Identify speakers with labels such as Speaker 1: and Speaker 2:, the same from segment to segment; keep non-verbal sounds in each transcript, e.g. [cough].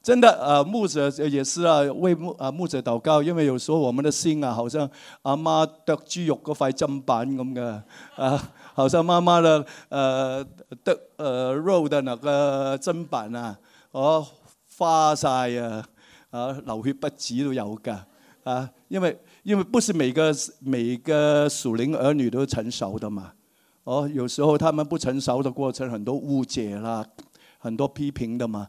Speaker 1: 真的，啊，牧者也是啊，為牧啊牧者禱告，因為有時候我們的心啊，好像阿媽剁豬肉嗰塊砧板咁嘅，啊，好像媽媽的，呃，剁呃，肉的那個砧板啊，哦，花晒啊，啊，流血不止都有噶。啊，因為因為不是每個每個屬靈兒女都成熟的嘛，哦，有時候他們不成熟的過程，很多誤解啦，很多批評的嘛。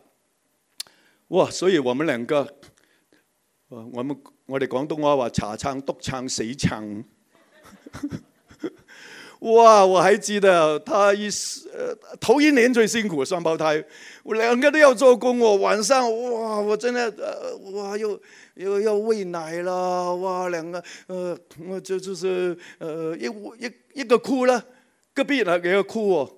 Speaker 1: 哇！所以我們兩個，我們我我哋廣東話話茶撐督撐死撐， [laughs] 哇！我還記得他一頭一年最辛苦雙胞胎，我兩個都要做工哦。晚上哇，我真的，呃、哇又又要餵奶啦，哇兩個，呃我就就是，呃一一一,一個哭了，隔壁那個哭哦。